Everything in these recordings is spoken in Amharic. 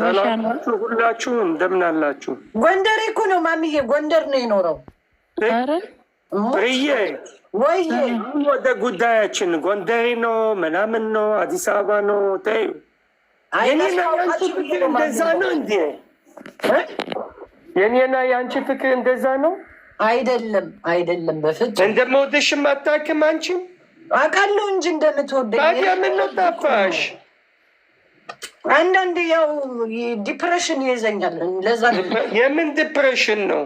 ሁላችሁ እንደምን አላችሁ? ጎንደሬ እኮ ነው ማሚዬ፣ ጎንደር ነው የኖረው። ርዬ ወይ ወደ ጉዳያችን ጎንደሬ ነው ምናምን ነው አዲስ አበባ ነው ተይው። እንደዛ ነው እንዲ የኔና የአንቺ ፍቅር እንደዛ ነው አይደለም? አይደለም በፍጹም እንደምወደሽም አታውቅም አንቺም። አውቃለሁ እንጂ እንደምትወደኝ ታዲያ ምን ጠፋሽ? አንዳንድ ያው ዲፕሬሽን ይይዘኛል። ለዛ የምን ዲፕሬሽን ነው?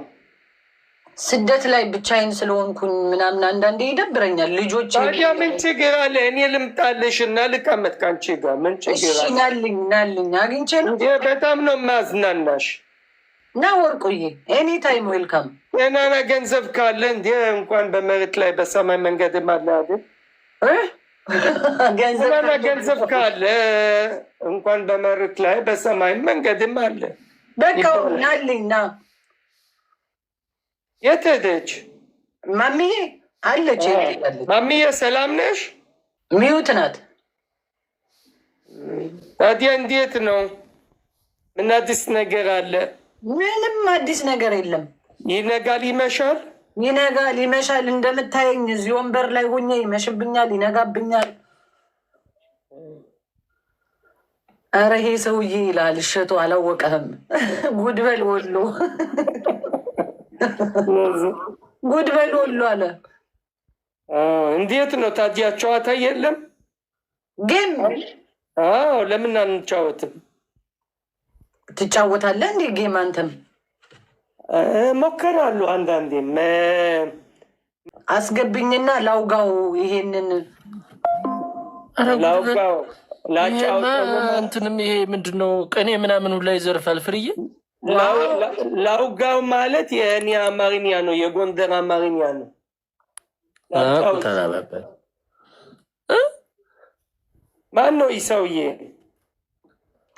ስደት ላይ ብቻዬን ስለሆንኩኝ ምናምን አንዳንዴ ይደብረኛል። ልጆች ታዲያ ምን ችግር አለ? እኔ ልምጣልሽ እና ልቀመጥ ካንቺ ጋር ምን ችግር አለ? ናልኝ ናልኝ አግኝቼ ነው። በጣም ነው የማዝናናሽ። ና ወርቁዬ፣ ኤኒ ታይም ዌልካም። ገናና ገንዘብ ካለ እንዲ እንኳን በመሬት ላይ በሰማይ መንገድ ማለ አይደል ገንዘብ ገንዘብ ካለ እንኳን በመሬት ላይ በሰማይ መንገድም አለ። በቃ ናልኝና የት ሄደች ማሚዬ? አለች ማሚዬ፣ ሰላም ነሽ? ሚዩት ናት። ታዲያ እንዴት ነው? ምን አዲስ ነገር አለ? ምንም አዲስ ነገር የለም። ይነጋል፣ ይመሻል። ይነጋል ይመሻል። እንደምታየኝ እዚህ ወንበር ላይ ሆኜ ይመሽብኛል፣ ይነጋብኛል። ኧረ ይሄ ሰውዬ ይላል እሸቱ አላወቀህም። ጉድበል ወሎ ጉድበል ወሎ አለ። እንዴት ነው ታዲያ ጨዋታ የለም? ግን ለምን አንጫወትም? ትጫወታለህ እንዴ ጌም አንተም ሞከራሉ። አንዳንዴም አስገብኝና ላውጋው ይሄንን ላውጋው ላጫውእንትንም ይሄ ምንድን ነው ቅኔ ምናምን ሁላ ይዘርፋል። ፍርዬ ላውጋው ማለት የእኔ አማርኛ ነው፣ የጎንደር አማርኛ ነው። ማን ነው ይህ ሰውዬ?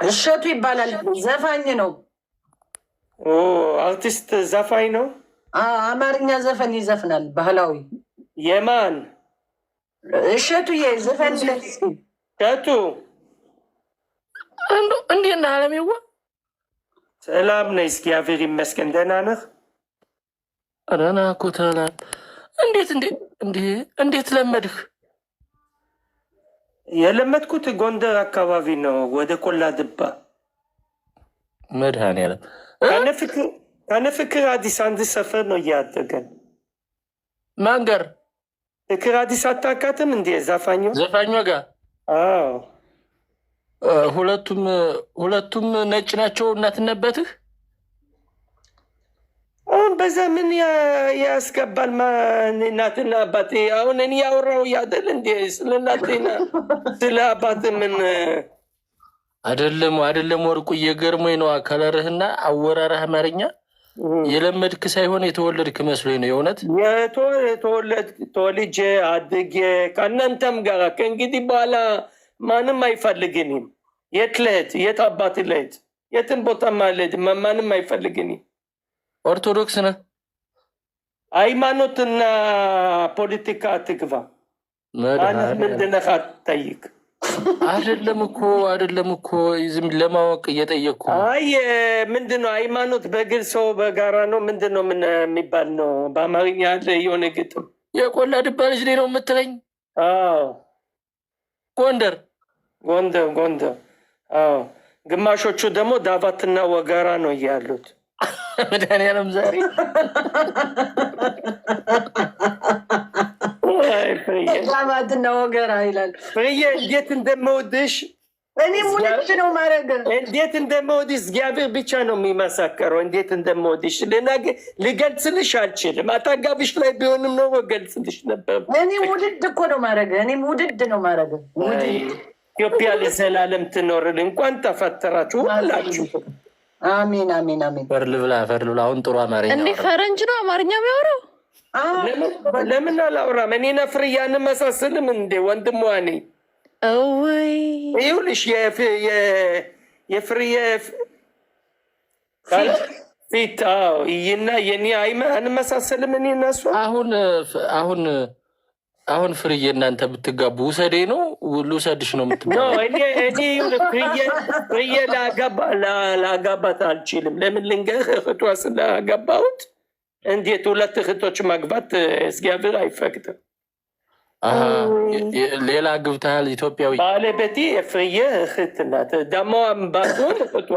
እሸቱ ይባላል። ዘፋኝ ነው። አርቲስት ዘፋኝ ነው። አማርኛ ዘፈን ይዘፍናል። ባህላዊ የማን እሸቱዬ ዘፈን ሸቱ እንዱ እንዴት ነህ አለሜዋ? ሰላም ነኝ። እስኪ አፌር ይመስገን። ደህና ነህ? ደህና እኮ ተላል። እንዴት እንዴት ለመድህ? የለመድኩት ጎንደር አካባቢ ነው፣ ወደ ቆላ ድባ መድኃኒዓለም ከነ ፍክር አዲስ አንድ ሰፈር ነው እያደገን ማንገር ፍክር አዲስ አታካትም እንዲ ዘፋኞ ዘፋኞ ጋር ሁለቱም ሁለቱም ነጭ ናቸው። እናትነበትህ አሁን በዛ ምን ያስገባል? እናትና አባት አሁን እኔ ያወራው እያደል እንዲ ስለ እናትና ስለ አባት ምን አይደለም አይደለም፣ ወርቁ ገርሞኝ ነው ከለርህና አወራረህ አማርኛ የለመድክ ሳይሆን የተወለድክ መስሎኝ ነው። የእውነት ተወልጄ አድጌ ከእናንተም ጋር ከእንግዲህ በኋላ ማንም አይፈልግንም። የት ልሄድ? የት አባት ልሄድ? የትን ቦታ ማለድ ማንም አይፈልግንም። ኦርቶዶክስ ነህ? ሃይማኖትና ፖለቲካ ትግባ ምንድን ነህ አትጠይቅ አይደለም እኮ አይደለም እኮ ዝም ለማወቅ እየጠየቅኩ። አይ ምንድን ነው ሃይማኖት በግል ሰው በጋራ ነው ምንድን ነው ምን የሚባል ነው በአማርኛ ያለ የሆነ ግጥም። የቆላ ድባ ልጅ ነው የምትለኝ? ጎንደር ጎንደር ጎንደር። ግማሾቹ ደግሞ ዳባትና ወጋራ ነው እያሉት መድኃኒዓለም ዛሬ ማትና ይላል። ፍርዬ እንዴት እንደምወድሽ እኔ ሙለች ነው ማረገ እንዴት እንደምወድሽ እግዚአብሔር ብቻ ነው የሚመሰከረው። እንዴት እንደምወድሽ ልገልጽልሽ አልችልም። አታጋቢሽ ላይ ቢሆንም ነው ገልጽልሽ ነበር። እኔ ውድድ እኮ ነው ማረገ እኔ ውድድ ነው ማረገ። ኢትዮጵያ ለዘላለም ትኖርል። እንኳን ተፈተራችሁ ሁላችሁ። አሜን አሜን አሜን። ፈር ልብላ አሁን ጥሩ አማርኛ እንዴ ፈረንጅ ነው አማርኛ የሚያወራው ለምን አላወራም? እኔ ነፍር እያንመሳስልም እንዴ ወንድሟ ነኝ። እወይ ይኸውልሽ የፍርዬ ፊት ይና የኔ አንመሳሰልም። እኔ እነሱ አሁን አሁን አሁን ፍርዬ እናንተ ብትጋቡ ውሰዴ ነው ልውሰድሽ ነው ምትፍርዬ ላጋባት አልችልም። ለምን ልንገር እህቷ ስላጋባሁት እንዴት ሁለት እህቶች ማግባት እግዚአብሔር አይፈቅድም። ሌላ ግብታል ኢትዮጵያዊ ባለቤቴ የፍርዬ እህት ናት። ደሞ አምባቶን እህቷ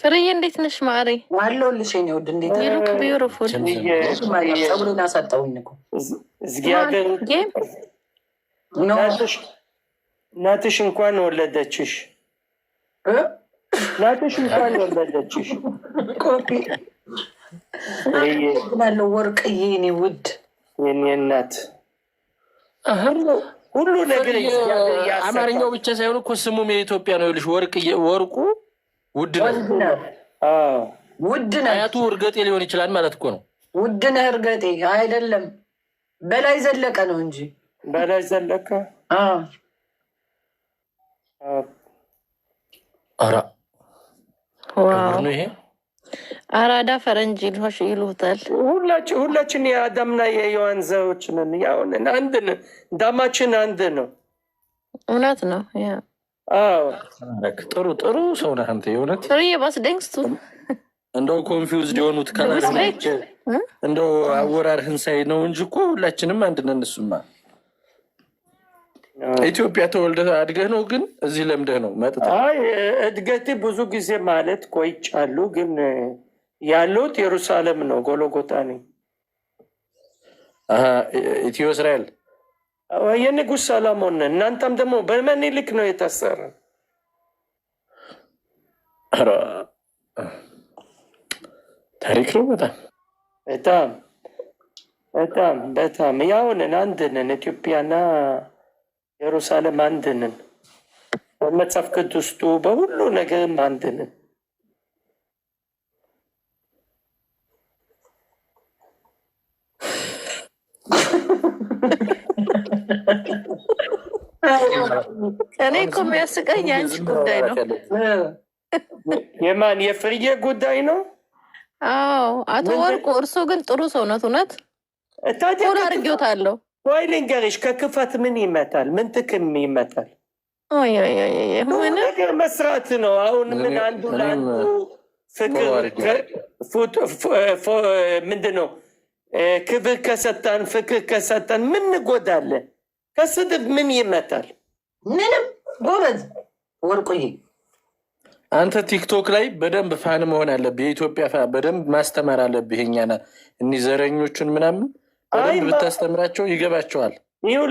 ፍርዬ እንዴት ነሽ? ማሪ ዋለው ልሽ ውድ። እንዴት ይሉክ ቢዩርፉል ጸጉሬን እኮ እግዚአብሔር እናትሽ እንኳን ወለደችሽ። እናትሽ እንኳን ወለደችሽ። ግናለው ወርቅዬ፣ የኔ ውድ የኔ እናት ሁሉ ነገር አማርኛው ብቻ ሳይሆን እኮ ስሙም የኢትዮጵያ ነው። ይኸውልሽ ወርቁ ውድ ነው፣ ውድ ነው። አያቱ እርገጤ ሊሆን ይችላል ማለት እኮ ነው። ውድ ነህ እርገጤ አይደለም፣ በላይ ዘለቀ ነው እንጂ በላይ ዘለቀ ኧረ ነው ይሄ አራዳ ፈረንጅ ልሆሽ ይሉታል። ሁላችን ሁላችን የአዳምና የሔዋን ዘሮች ነን። ያሁንን አንድ ነን። ዳማችን አንድ ነው። እውነት ነው። ጥሩ ጥሩ ሰው ነህ አንተ የእውነት ባስ ደንግስቱ እንደው ኮንፊውዝድ የሆኑት ከና እንደው አወራርህን ሳይ ነው እንጂ እኮ ሁላችንም አንድ ነን። እሱማ ኢትዮጵያ ተወልደህ አድገህ ነው ግን እዚህ ለምደህ ነው መጥተህ? አይ እድገቴ ብዙ ጊዜ ማለት ቆይቻሉ፣ ግን ያለሁት ኢየሩሳሌም ነው። ጎሎጎታ ነኝ። ኢትዮ እስራኤል የንጉስ ሰለሞን ነን። እናንተም ደግሞ በመን ልክ ነው የታሰረ። ታሪክ ነው በጣም በጣም በጣም በጣም ያው ነን፣ አንድ ነን ኢትዮጵያና ኢየሩሳሌም አንድንን በመጽሐፍ ቅዱስ በሁሉ ነገርም አንድንን እኔ እኮ የሚያስቀኝ አንቺ ጉዳይ ነው። የማን የፍርዬ ጉዳይ ነው? አዎ አቶ ወርቁ እርሶ ግን ጥሩ ሰውነት እውነት ሁን አድርጌዎታለሁ ወይ ልንገርሽ፣ ከክፋት ምን ይመጣል? ምን ጥቅም ይመጣል? ነገር መስራት ነው። አሁን ምን አንዱ ለአንዱ ፍቅር ምንድን ነው? ክብር ከሰጠን ፍቅር ከሰጠን ምን እንጎዳለን? ከስድብ ምን ይመጣል? ምንም። ጎበዝ ወርቁዬ፣ አንተ ቲክቶክ ላይ በደንብ ፋን መሆን አለብህ። የኢትዮጵያ በደንብ ማስተማር አለብህ። እኛና እኒህ ዘረኞቹን ምናምን በደንብ ብታስተምራቸው ይገባቸዋል።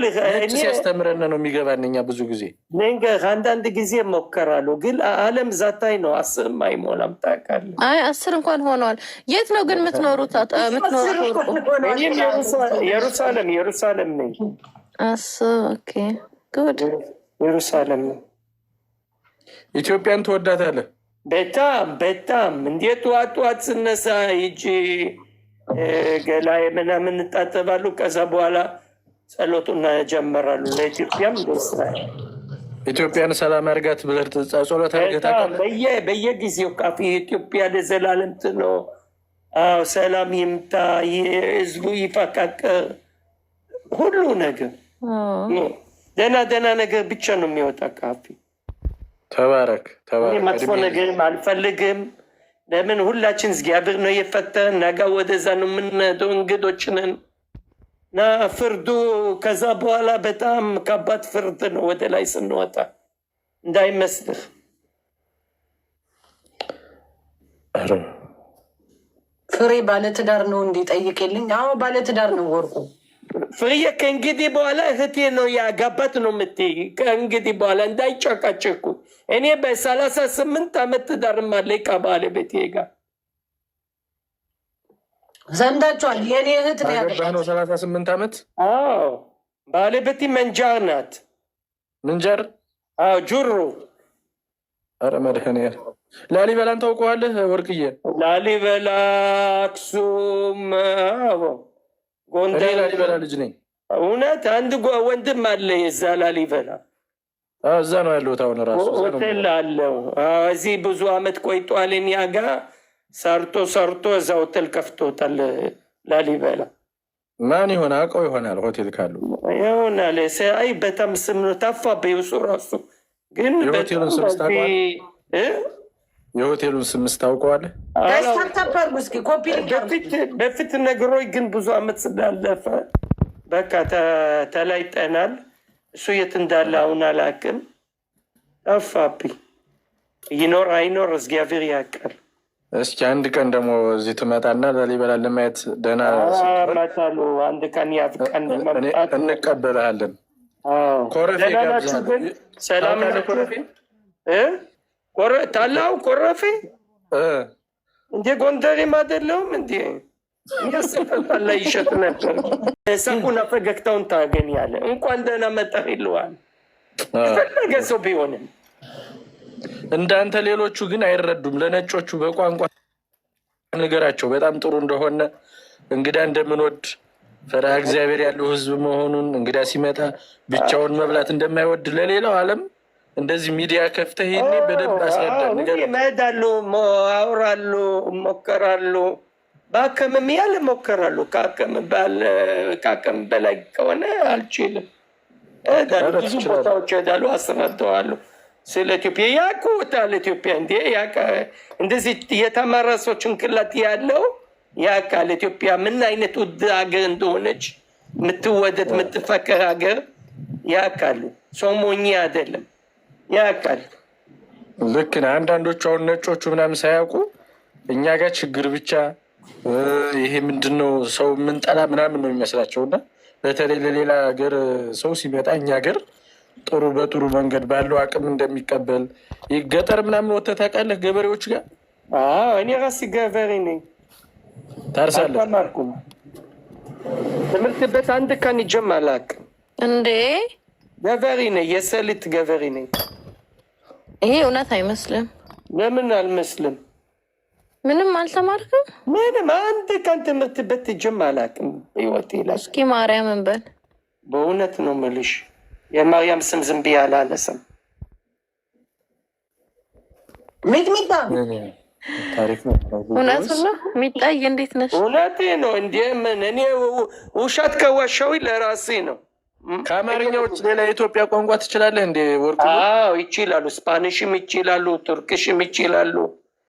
ነጭ ሲያስተምረን ነው የሚገባን። እኛ ብዙ ጊዜ ንገር አንዳንድ ጊዜ ሞከራሉ፣ ግን አለም ዛታይ ነው። አስርም አይሞላም ታውቃለህ። አይ አስር እንኳን ሆነዋል። የት ነው ግን የምትኖሩት? የሩሳሌም የሩሳሌም ነኝ። የሩሳሌም ነው። ኢትዮጵያን ትወዳታለህ? በጣም በጣም እንዴት ዋጥዋት ስነሳ ይቺ ገላዬ ምናምን እንጣጠባሉ። ከዛ በኋላ ጸሎቱና ጀመራሉ። ለኢትዮጵያም ለእስራኤል ኢትዮጵያን ሰላም ያርጋት ብለህ ጸሎት በየጊዜው ቃፍ የኢትዮጵያ ለዘላለም ትኖር፣ ሰላም ይምታ፣ ህዝቡ ይፈቃቅ፣ ሁሉ ነገር ደህና ደህና ነገር ብቻ ነው የሚወጣ። ቃፊ ተባረክ ተባረክ። መጥፎ ነገርም አልፈልግም። ለምን ሁላችን እግዚአብሔር ነው የፈተን። ነገ ወደዛ ነው የምንሄደው፣ እንግዶች ነን እና ፍርዱ ከዛ በኋላ በጣም ከባድ ፍርድ ነው። ወደ ላይ ስንወጣ እንዳይመስልህ። ፍሬ ባለትዳር ነው እንዲጠይቅ የለኝ። አዎ ባለትዳር ነው ወርቁ። ፍሬ ከእንግዲህ በኋላ እህቴ ነው ያጋባት ነው የምትይ። ከእንግዲህ በኋላ እንዳይጨቃጨቁ እኔ በሰላሳ ስምንት ዓመት ትዳርማለይ ከባለቤቴ ጋር ዘንዳቸዋል። የኔ እህት ነው ሰላሳ ስምንት ዓመት አዎ። ባለቤቴ መንጃር ናት። ምንጀር አዎ። ጁሩ አረ መድኃኒዓለም ላሊበላን ታውቀዋለህ ወርቅዬ? ላሊበላ አክሱም፣ ጎንደር ላሊበላ ልጅ ነኝ። እውነት አንድ ወንድም አለ የዛ ላሊበላ እዛ ነው ያለሁት አሁን ራሱ ሆቴል አለው። እዚህ ብዙ አመት ቆይጧል። እኛ ጋ ሰርቶ ሰርቶ እዛ ሆቴል ከፍቶታል። ላሊበላ ማን ይሆን አውቀው ይሆናል። ሆቴል ካሉ ይሆናል። አይ በጣም ስም ነው ታፋ በየሱ ራሱ ግን የሆቴሉን ስም ስታውቀዋለህ? በፊት ነግሮኝ ግን ብዙ አመት ስላለፈ በቃ ተላይጠናል። እሱ የት እንዳለ አሁን አላውቅም። ጠፋብኝ። ይኖር አይኖር እግዚአብሔር ያውቃል። እስኪ አንድ ቀን ደግሞ እዚህ ትመጣና ላሊበላ ለማየት ደህና መታሉ። አንድ ቀን ያፍቀን መምጣት እንቀበልሃለን። ኮረፌ ጋብዛለሁ። ሰላም ታላው ኮረፌ እንዴ ጎንደሬም አይደለሁም እንዴ መስጠት ላይ ነበር። ሳቁና ፈገግታውን ታገኛለህ። እንኳን ደህና መጣህ ይለዋል የፈለገ ሰው ቢሆንም። እንዳንተ ሌሎቹ ግን አይረዱም። ለነጮቹ በቋንቋ ንገራቸው በጣም ጥሩ እንደሆነ እንግዳ እንደምንወድ ፈሪሃ እግዚአብሔር ያለው ሕዝብ መሆኑን እንግዳ ሲመጣ ብቻውን መብላት እንደማይወድ ለሌላው ዓለም እንደዚህ ሚዲያ ከፍተህ ይሄኔ በደንብ አስረዳ። ነገር እሄዳለሁ፣ አውራለሁ፣ እሞከራለሁ በአቅምም ያለ እሞክራለሁ። ከአቅም በላይ ከሆነ አልችልም። ብዙ ቦታዎች ሄዳሉ፣ አስረዳዋለሁ ስለ ኢትዮጵያ ያውቁታል። ኢትዮጵያ እንዲ እንደዚህ የተማረ ሰው ጭንቅላት ያለው ያውቃል። ኢትዮጵያ ምን አይነት ውድ ሀገር እንደሆነች የምትወደድ የምትፈቅር ሀገር ያውቃሉ። ሰው ሞኝ አይደለም፣ ያውቃል። ልክ ነህ። አንዳንዶቹ አሁን ነጮቹ ምናምን ሳያውቁ እኛ ጋር ችግር ብቻ ይሄ ምንድን ነው ሰው የምንጠላ ምናምን ነው የሚመስላቸው እና በተለይ ለሌላ ሀገር ሰው ሲመጣ እኛ ሀገር ጥሩ በጥሩ መንገድ ባለው አቅም እንደሚቀበል ገጠር ምናምን ወተህ ታውቃለህ? ገበሬዎች ጋር እኔ ራሴ ገበሬ ነኝ። ታርሳለህ? ትምህርት ቤት አንድ ካን ሂጄም እንዴ ገበሬ ነኝ፣ የሰሊጥ ገበሬ ነኝ። ይሄ እውነት አይመስልም። ለምን አልመስልም? ምንም አልተማርክም? ምንም አንድ ቀን ትምህርት ቤት ሂጅም አላውቅም ህይወቴ ላይ። እስኪ ማርያምን በል። በእውነት ነው የምልሽ፣ የማርያም ስም ዝም ብዬ አላለስም። ሚጥሚጣ እውነት ነው ሚጣይ፣ እንዴት ነሽ? እውነቴ ነው። ምን እኔ ውሸት ከዋሻዊ ለራሴ ነው። ከአማርኛዎች ሌላ የኢትዮጵያ ቋንቋ ትችላለህ እንዴ? ወርቁ ይችላሉ፣ ስፓኒሽም ይችላሉ፣ ቱርክሽም ይችላሉ።